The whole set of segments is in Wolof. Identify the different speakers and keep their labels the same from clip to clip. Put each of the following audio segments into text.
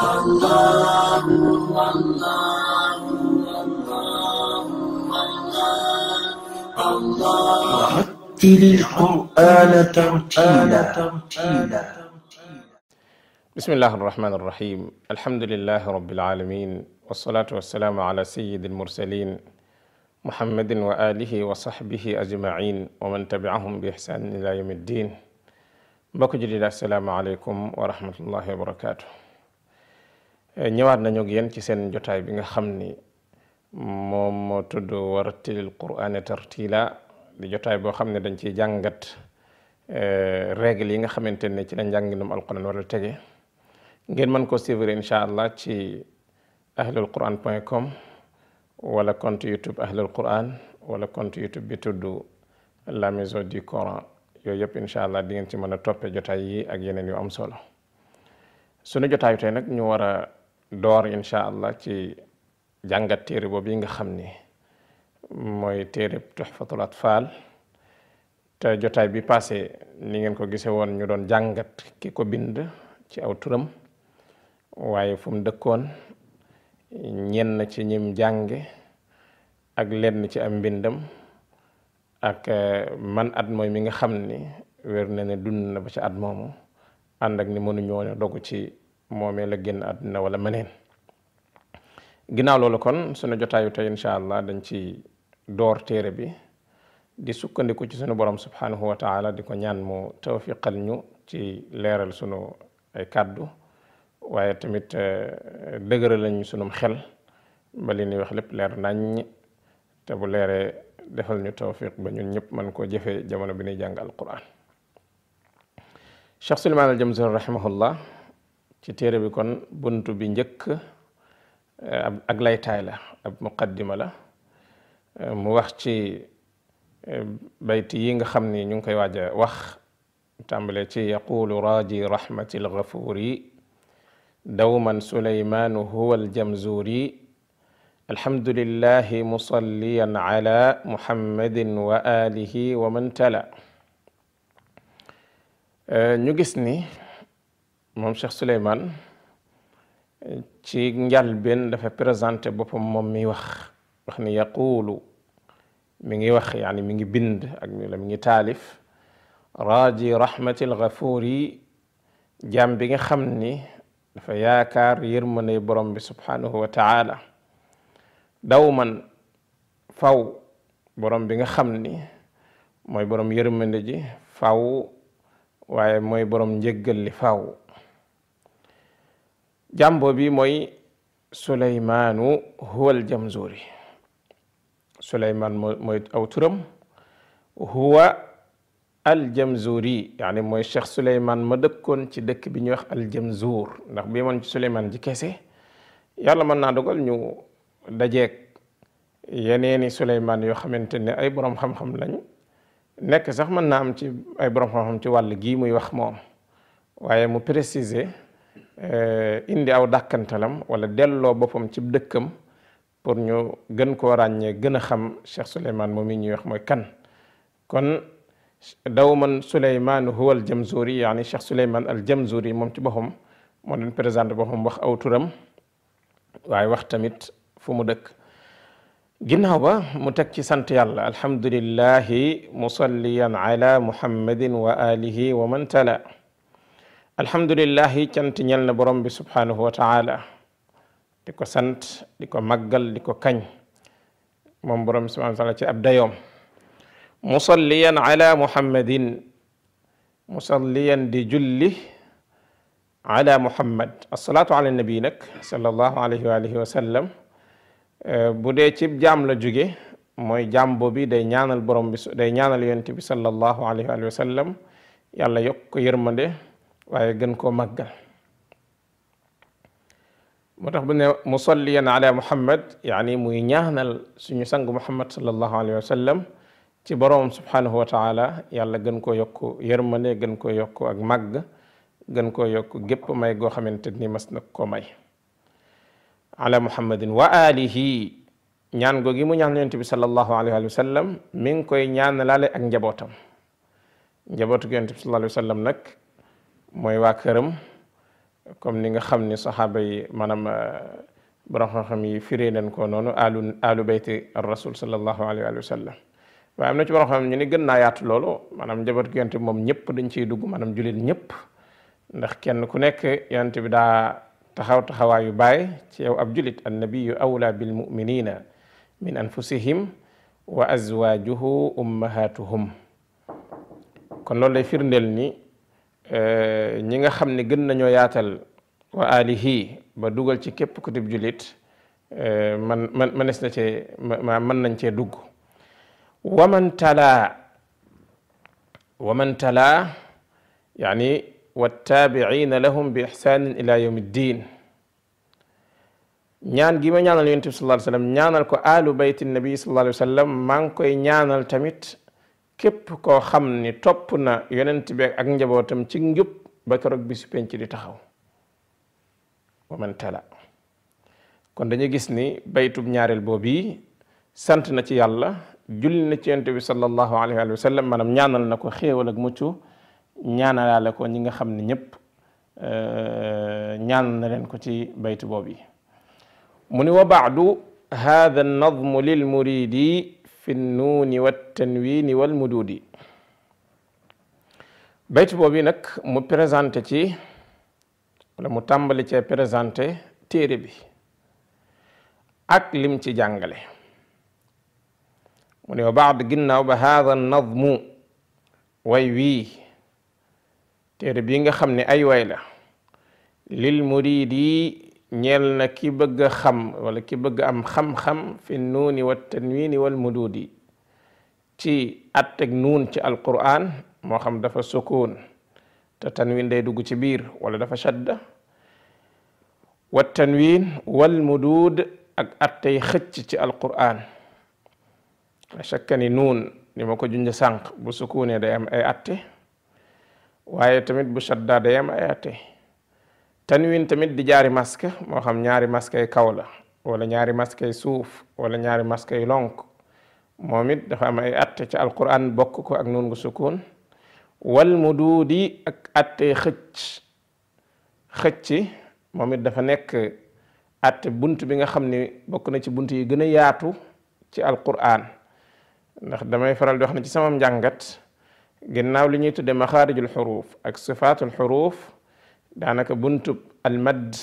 Speaker 1: الله الله الله رتل القرآن ترتيلا بسم الله الرحمن الرحيم الحمد لله رب العالمين والصلاة والسلام على سيد المرسلين محمد وآله وصحبه أجمعين ومن تبعهم بإحسان إلى يوم الدين بكجل السلام عليكم ورحمة الله وبركاته ñëwaat nañu ak yéen ci seen jotaay bi nga xam ni moom moo tudd warattilil qur'aana tartiila di jotaay boo xam ne dañ ci jàngat eh, règle yi nga xamante ne ci la njànginum alquran wala tege ngeen mën ko suivre incha allah ci ahlul quran point com wala compte youtube ahlul quran wala compte youtube bi tudd la maison du coran yooyu yëpp incha allah di ngeen ci mën a toppee jotaay yi ak yeneen yu am solo sunu jotaayu tey nag ñu war door incha allah ci jàngat téere boobu yi nga xam ni mooy téere Tuhfatul Atfal te jotaay bi passé ni ngeen ko gisee woon ñu doon jàngat ki ko bind ci aw turam waaye fu mu dëkkoon ñenn ci ñim jànge ak lenn ci am mbindam ak eh, man at mooy mi nga xam ni wér na ne dund na ba ci at moomu ànd ak ni mënuñoo dogu ci moomee la génn àddina wala meneen ginnaaw loolu kon sunu jotaayu te incha allah dañ ci door téere bi di sukkandiku ci sunu borom subhanahu wa taala di ko ñaan mu tawfiqal ñu ci leeral sunu ay kàddu waaye tamit eh, dëgëral lañ sunum xel ba li ñuy wax lépp leer nañ te bu leeree defal ñu tawfiq ba ñu ñëpp mën koo jëfee jamono bi ñuy jàng alquran Cheikh Suleymaan al Jamzuri rahimahullah ci téere bi kon buntu bi njëkk ak laytaay la ab muqaddima la mu wax ci bayti yi nga xam ni ñu ngi koy waaj a wax tàmbale ci yaqulu raji rahmati alghafuri dawman sulaymanu huwa aljamzuri alhamdulillahi musalliyan ala muhammadin wa alihi wa man tala ñu mom Cheikh souleyman ci njalbeen dafa présenter bopam mom mi wax wax ni yaqulu mi ngi wax yani mi ngi bind ak mi la mi ngi talif raji rahmatil ghafuri jam bi nga xamni ni dafa yaakaar yermane borom bi subhanahu wa taala dawman faw borom bi nga xamni moy borom yermane ji faw waye moy borom njëggal li faw جامبو بي موي سليمان هو الجمزوري سليمان موي اوترم هو الجمزوري يعني موي الشيخ سليمان ما دكون سي دك بي نيو الجمزور ناخ بي مون سليمان دي كيسه يالا من دوغال نيو داجيك يينيني سليمان يو خامتيني اي بروم خام خام لاني نيك صاح من نام سي اي بروم خام خام سي وال جي موي واخ موم وايي مو بريسيزي indi aw dakantalam wala delloo bopam ci dëkkam pour ñu gën ko ragné gën xam Cheikh souleyman momi ñuy wax moy kan kon dawman souleyman huwa al jamzuri yani Cheikh souleyman al jamzuri mom ci bopam mo len présenter bopam wax aw turam way wax tamit fu mu dëkk ginaaw ba mu tek ci sant yàlla alhamdulillahi musalliyan ala muhammadin wa alihi wa man tala alhamdulillahi cant ñel na borom bi subhanahu wa taala di ko sant di ko màggal di ko kañ moom borom bi subhanahu wa taala ci ab dayoom musalliyan ala muhammadin musalliyan di julli ala muhammad asalaatu ala nabi nag sallallahu alayhi wa alihi wa eh, bu dee ci jaam la jóge mooy jaam boobu day ñaanal borom bi day ñaanal yonent bi sallallahu alayhi wa sallam yàlla yokk ko waaye gën koo màggal moo tax bu ne musalliyan ala muhammad mu muy ñaanal suñu sang muhammad sallallahu alayhi wa sallam ci boroom subhanahu wa taala yàlla gën koo yokk yërmande gën koo yokk ak màgg gën koo yokk gépp may goo xamante ni mas na koo may ala muhammadin wa alihi ñaan googi mu ñaan yonent bi sallallahu alayhi wa mi ngi koy ñaanalaale ak njabootam njabootu yonent bi sallallahu alayhi wa sallam nag mooy waa këram comme ni nga xam ni saxaaba yi maanaam euh, borom xam-xam yi firee nañ ko noonu alu alu bayti rasul sallallahu alayhi wa sallam waaye am na ci borom xam ñu ni gën naa yaatu loolu maanaam njaboot gi moom ñëpp dañ ciy dugg maanaam jullit ñëpp ndax kenn ku nekk yonent bi daa taxaw taxawaayu baay ci yow ab julit jullit annabiyu awla bil muminina min anfusihim wa azwajuhu ummahatuhum kon loolu lay firndeel ni Euh, ñi nga xam ne gën nañoo yaatal wa alihi ba dugal ci képp ku dib julit euh, man man na cee ma mën nañ cee dugg waman talaa waman talaa yaani wattaabiciina lahum bi ixsaanin ila yawmi ddin ñaan gi ma ñaanal yonent bi sallallahu alayhi ñaanal ko alu bayti nabi sallallahu alayhi wa maa ngi koy ñaanal tamit képp koo xam ni topp na yonent bi ak njabootam ci njub ba keroog bisu penc di taxaw waman tala kon dañuy gis ni baytub ñaareel boobu sant na ci yàlla julli na ci yonent bi sallallahu alayhi wa sallam maanaam ñaanal na ko xéewal ak mucc ñaanalaale ko ñi nga xam ne ñëpp ñaanal na leen ko ci baytu boobu mu ni wa baadu hada an-nazmu lil muridi fi nuuni wat tanwiini wal muduudi bayt boobu nag mu présenté ci wala mu tàmbali cee présenté téere bi ak lim ci jàngale mu ne wa baad ginnaaw ba haada mu way wii téere bi nga xam ni ay way la lil muriidi ñeel na ki bëgg xam wala ki bëgg am xam-xam fi nuuni wa tanwiini wal mududi ci atteg nuun ci alquran moo xam dafa sukuun te tanwin day dugg ci biir wala dafa shadda wa tanwin wal mudud ak attey xëcc ci alquran a chakkani nuun ni ma ko junj sànq bu sukuunee day am ay atte waaye tamit bu shadda day am ay atte tanwin tamit di jaari masque moo xam ñaari masque yi kaw la wala ñaari masque yi suuf wala ñaari masque yi lonk moom it dafa am ay atte ci alquran bokk ko ak nun gu sukun wal muduudi ak atte xëcc xëcc moom it dafa nekk atte bunt bi nga xam ni bokk na ci bunt yi gën a yaatu ci alquran ndax damay faral di wax ne ci sama njàngat ginnaaw li ñuy tudde maxaarijul xuruuf ak sifaatul xuruuf danaka buntu al mad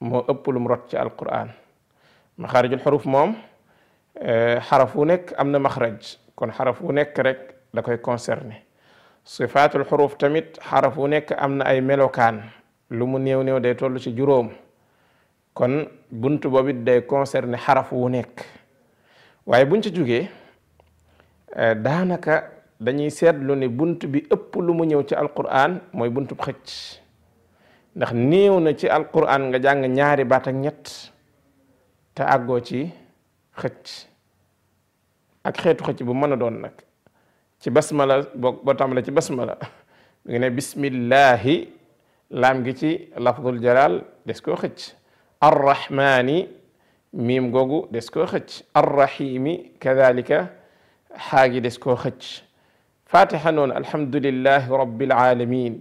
Speaker 1: mo eppul mrot ci al qur'an makharij al huruf mom harafu eh, nek amna makhraj kon harafu nek rek da koy concerner صفات الحروف تمت حرف نك أمن أي ملوكان لم نيو نيو دي تولو شي جروم كون بنت بابد دي كونسر ني حرف نك واي بنت جوغي دانك داني سيد لوني بنت بي أبو لم نيو تي القرآن موي بنت بخيتش ndax néew na ci alquran nga jàng ñaari bat ak ñet ta aggo ci xëcc ak xeetu xëcc bu mën a doon nag ci basmala bo boo ci basmala mi ngi ne bismillah lam gi ci lafdul jalal des ko xëcc arrahmani ميم غوغو ديسكو koo الرحيم كذلك حاجي ديسكو des koo xëcc fatiha noonu alhamdulillahi rabbil alamin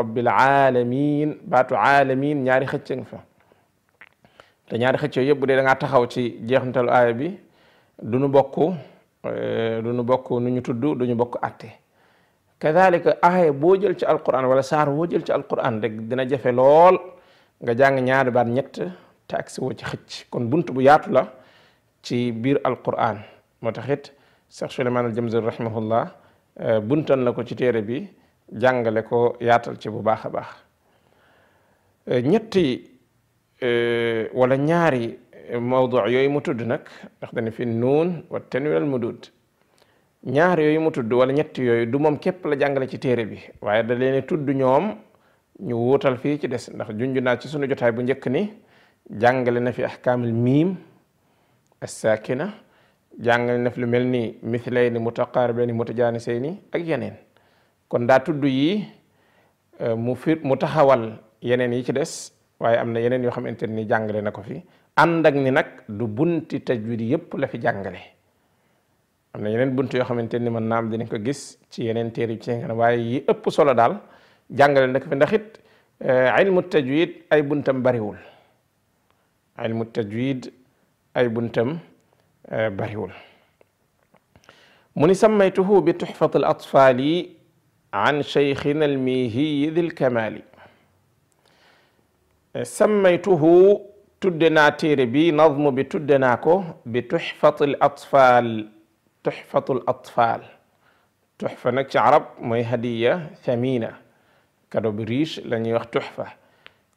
Speaker 1: رب العالمين بات عالمين نياري خيتين فا تا نياري خيتيو ييب بودي داغا تاخاو سي جيخنتال اي بي دونو بوكو دونو بوكو نونو تودو دونو بوكو اتي كذلك اهي بو جيل سي القران ولا سار بو جيل سي القران ديك دينا جافي لول nga jang ñaar baat ñett taxi wo ci xëc kon buntu bu yaatu la ci biir alquran motaxit cheikh souleymane al jamzur rahimahullah eh, buntan la ko ci téré bi jàngale ko yaatal ci bu baax a baax euh, ñetti euh, walla ñaari mawdu yooyu mu tudd nag ndax dañu fi nuun wa tanwin al mudud ñaar yooyu mu tudd wala ñetti yooyu du moom képp la jàngale ci téere bi waaye da leen tudd ñoom ñu wuutal fii ci des ndax junju naa ci sunu jotaay bu njëkk ni jàngale na fi ahkaamul miim as-saakina jàngale na fi lu mel ni mithlayni mutaqaaribayni mutajanisayni ak yeneen kon da tuddu yi mu fir mu taxawal yeneen yi ci des waaye am na yeneen yoo xamante ni jàngale na ko fi ànd ak ni nag du bunti tajwid yëpp la fi jàngale am na yeneen bunt yoo xamante ni man naam dinañ ko gis ci yeneen téere yi ci nga waaye yi ëpp solo daal jàngale na ko fi ndax it ilmu tajwid ay buntam bariwul ilmu tajwid ay buntam bariwul mu ni sammaytuhu bi tuxfat al atfaali عن شيخنا الميهي ذي الكمال سميته تدنا تيربي نظم بتدناكو بتحفة الأطفال تحفة الأطفال تحفة نكش عرب مي هدية ثمينة كادو بريش لن يوخ تحفة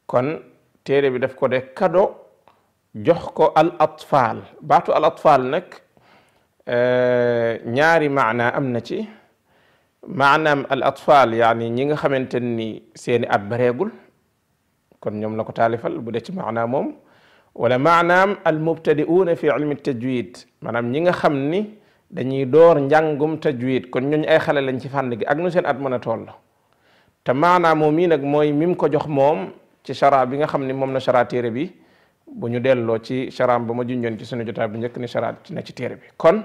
Speaker 1: كن تيربي دفكو دي كادو جوخكو الأطفال باتو الأطفال نك آه نياري معنا أمنتي manam al atfal yani ñi nga xamanteni ni seeni at bareegul kon ñom lako talifal bu de ci makna mom wala manam al mubtadi'uuna fi ilmi tajwid manam ñi nga xamni dañuy door njàngum tajwid kon ñun ay xale lañ ci fànn gi ak nu seen at mëna a toll te maanaam moom nak moy mim ko jox mom ci shara bi nga xamni mom na shara tere bi bu ñu delloo ci sharam ba ma junjoon ci suñu jotta bu ñek ni chara na ci tere bi kon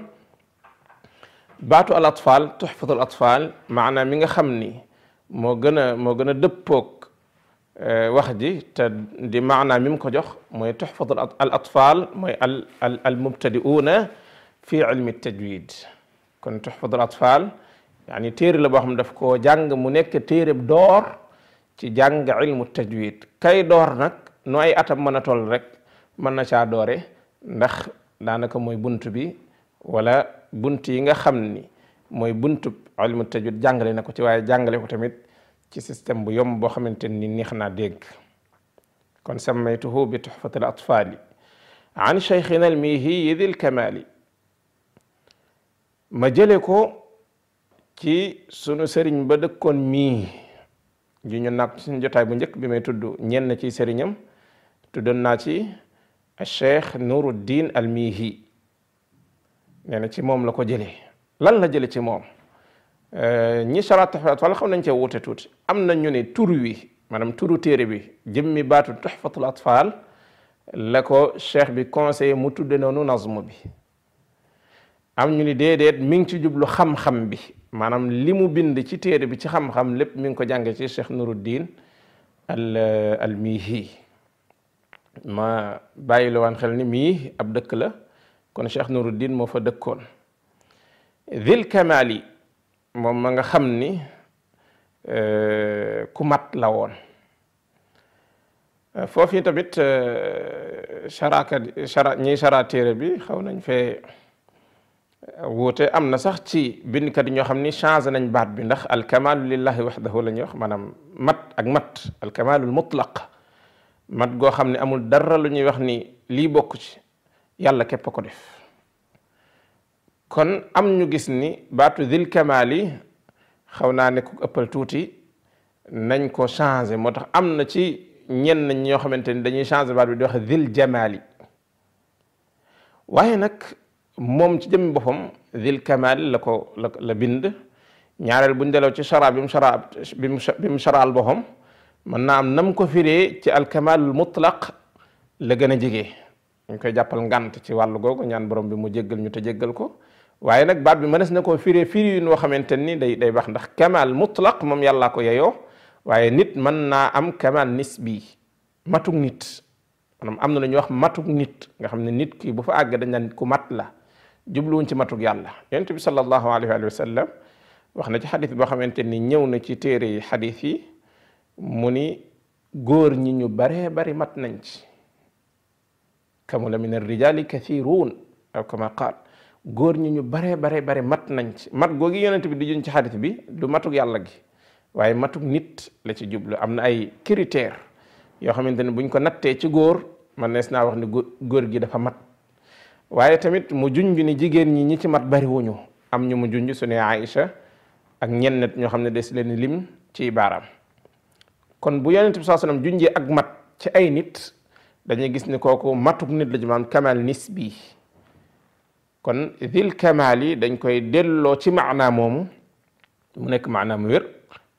Speaker 1: باتو الاطفال تحفظ الاطفال معنا ميغا خمني مو غنا مو غنا دبوك واخدي ت دي معنا ميم كو جوخ موي تحفظ الاطفال موي المبتدئون في علم التجويد كن تحفظ الاطفال يعني تيري لا بوخم داف كو جانغ مو نيك تير دور تي جانغ علم التجويد كاي دور نك نو اي اتام مانا تول رك مانا شا دوري نخ دانكا موي بونتو بي ولا bunt yi nga xam ni mooy buntub ilmu tajwid jàngale na ko ci waaye jàngale ko tamit ci système bu yomb boo xamante ni neex naa dégg kon sammaytuhu bi tuhfat al atfaali an cheikhina al mihi dil kamaali ma jële ko ci sunu sëriñ ba dëkkoon mii ju ñu naat suñu jotaay bu njëkk bi may tudd ñenn ci sëriñam tuddoon naa ci cheikh nuruddin al mihi neena ci moom la ko jëlee lan la jële ci moom ñi sara taxfat wala xam nañ ci wuute tuuti am na ñu ne tur wi maanaam turu téere bi jëmmi baatu tuxfatul atfal la ko cheikh bi conseillé mu tudde noonu nazmu bi am ñu ni déedéet mi ngi ci jublu xam-xam bi maanaam li mu bind ci téere bi ci xam-xam lépp mi ngi ko jànge ci cheikh nuruddin al al mihi ma bàyyi la waan xel ni mii ab dëkk la kon Cheikh Nuruddin moo fa dëkkoon Zil Kamali moom ma nga xam ni ku mat la woon foofu tamit charaka chara ñiy chara téere bi xaw nañ fee wuute am na sax ci bindkat yi ñoo xam ni changé nañ baat bi ndax alkamalu lillahi waxdahu la ñuy wax maanaam mat ak mat alkamalul mutlaq mat goo xam ne amul dara lu ñuy wax ni lii bokk ci yàlla képp ko def kon am ñu gis ni baatu dil kamaali xaw naa ne ku ëppal tuuti nañ ko changé moo tax am na ci ñenn ñoo xamante ni dañuy changé baat bi di wax dil jamaali waaye nag moom ci jëmmi boppam dil kamaali la ko la bind ñaareel buñ delaw ci chara bi mu chara bi mu charaal boppam mën naa am nam ko firee ci alkamal mutlaq la gën a jege ñu koy jàppal ngant ci wàllu googu ñaan borom bi mu jéggal ñu te jéggal ko waaye nag baat bi mënees na koo firee firi yu noo xamante ni day day wax ndax kamal mutlaq moom yàllaa ko yeyoo waaye nit mën naa am kamal nisbi matug nit maanaam am na lu ñuy wax matug nit nga xam ne nit ki bu fa àgg dañ naan ku mat la jubluwuñ ci matug yàlla yonent bi sallallahu alayhi wa sallam wax na ci xadis boo xamante ni ñëw na ci téere yi xadis yi mu ni góor ñi ñu baree bari mat nañ ci la min ar-rijali kathirun aw kama qaal gor ñu ñu bare bare bare mat nañ ci mat gogi yonent bi di juñ ci hadith bi du matuk yalla gi waye matuk nit la ci jublu am ay critère yo xamanteni buñ ko natte ci gor man nees na wax ni gor gi dafa mat waye tamit mu junj ni jigen ñi ñi ci mat bari wuñu am ñu mu juñ ju ne aisha ak ñen ñoo ñu xamne des leen lim ci baram kon bu yonent bi wasallam juñ ji ak mat ci ay nit dañuy gis ni kooku matuk nit la ci maanaam kamal nisbi kon zil kamal yi dañ koy delloo ci maanaa moomu mu nekk maanaa mu wér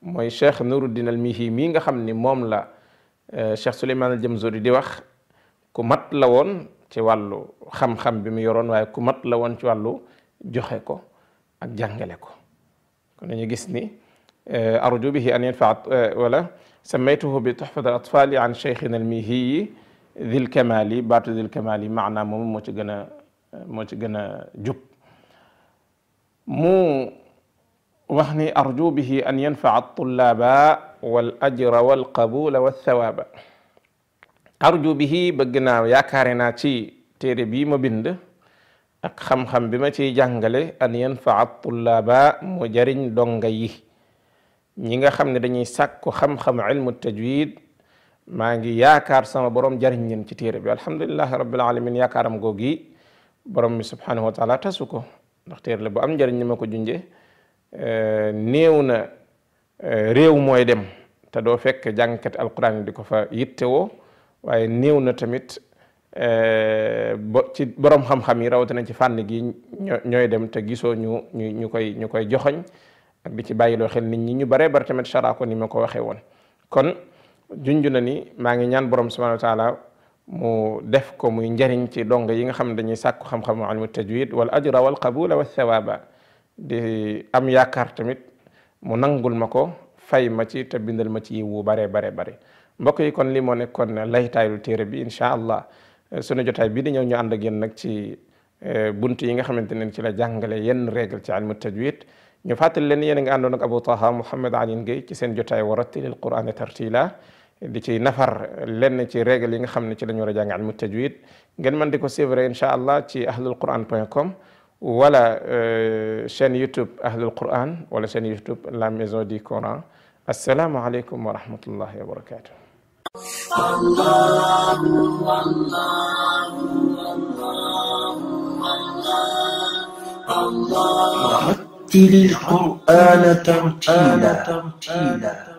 Speaker 1: mooy cheikh nuruddin al mihi mii nga xam ni moom la cheikh suleyman al jamzuri di wax ku mat la woon ci wàllu xam-xam bi mu yoroon waaye ku mat la woon ci wàllu joxe ko ak jàngale ko kon dañu gis ni arju bihi an yanfaa wala samaytuhu bi tuhfat al atfali an cheikhina al mihi dil kamaal yi baatu dil kamaal yi maanaam moom moo ci gën a moo ci gën a jub mu wax ni arju bihi an yanfaa tullaaba wal ajra wal qabula wa thawaaba arju bihi bëgg naa yaakaare naa ci téere bii ma bind ak xam-xam bi ma ciy jàngale an yanfaa tullaaba mu jariñ donga yi ñi nga xam ne dañuy sàkku xam-xam ilmu tajwid maa ngi yaakaar sama borom jariñ ñen ci téere bi alhamdulilahi rabbil alamin yaakaaram googi borom mi subhanahu wa taala tasu ko ndax la bu am njariñ ni ma ko junje eh, néew na eh, réew mooy dem te doo fekk jàngkat alquran di ko fa yittewoo waaye néew na tamit eh, ba ci borom xam-xam yi rawatina ci fànn gi ñooy dem te gisoo ñu ñu ñu koy ñu koy joxoñ ak di ci bàyyiloo xel nit ñi ñu baree bari tamit chara ko ni ma ko waxee woon junju na ni maa ngi ñaan borom subhanahu wa taala mu def ko muy njariñ ci dong yi nga xam ne dañuy sàkku xam-xamu ilmu tajwid wal ajra wal qabula wa di am yaakaar tamit mu nangul ma ko fay ma ci te bindal ma ci yiwu bare bare bare mbokk yi kon li moo nekkoon laytaayu téere bi incha allah sunu jotaay bii di ñëw ñu ànd ak nag ci eh, bunt yi nga xamante ne ci la jàngale yenn règle ci ilmu tajwid ñu fàttali leen yéen a ngi àndoon ak Abou Taha Mouhamed Alioune Guèye ci seen jotaay wa rattilil Qur'ana tartila di ci nafar lenn ci règle yi nga xam ne ci la ñu war a jàng almu tajwid ngeen mën di ko suivre incha allah ci ahlul quran point com wala chaîne youtube ahlul quran wala chaîne youtube la maison du coran asalaamualeykum wa rahmatullahi wa barakatuh
Speaker 2: الله
Speaker 1: الله الله الله رتل القرآن ترتيلا